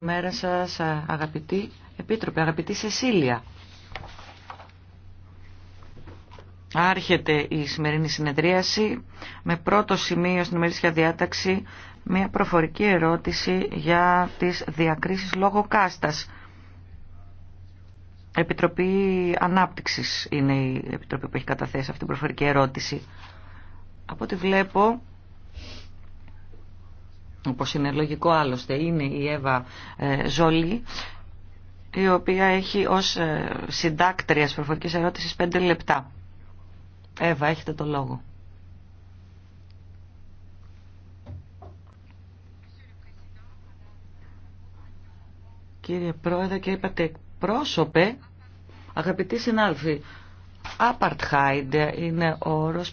Μέρα σας αγαπητή Επίτροπε, αγαπητή Σεσίλια. Άρχεται η σημερινή συνεδρίαση με πρώτο σημείο στην ημερήσια διάταξη μια προφορική ερώτηση για τις διακρίσεις λόγω κάστας. Επιτροπή Ανάπτυξης είναι η επιτροπή που έχει καταθέσει αυτή την προφορική ερώτηση. Από ό,τι βλέπω όπως είναι λογικό άλλωστε, είναι η Εύα ε, Ζολή, η οποία έχει ως ε, συντάκτρια προφορικής ερώτησης πέντε λεπτά. Εύα, έχετε το λόγο. Κύριε Πρόεδρε και είπατε πρόσωπε, αγαπητοί συνάδελφοι, Απαρτχάιντ είναι ο όρος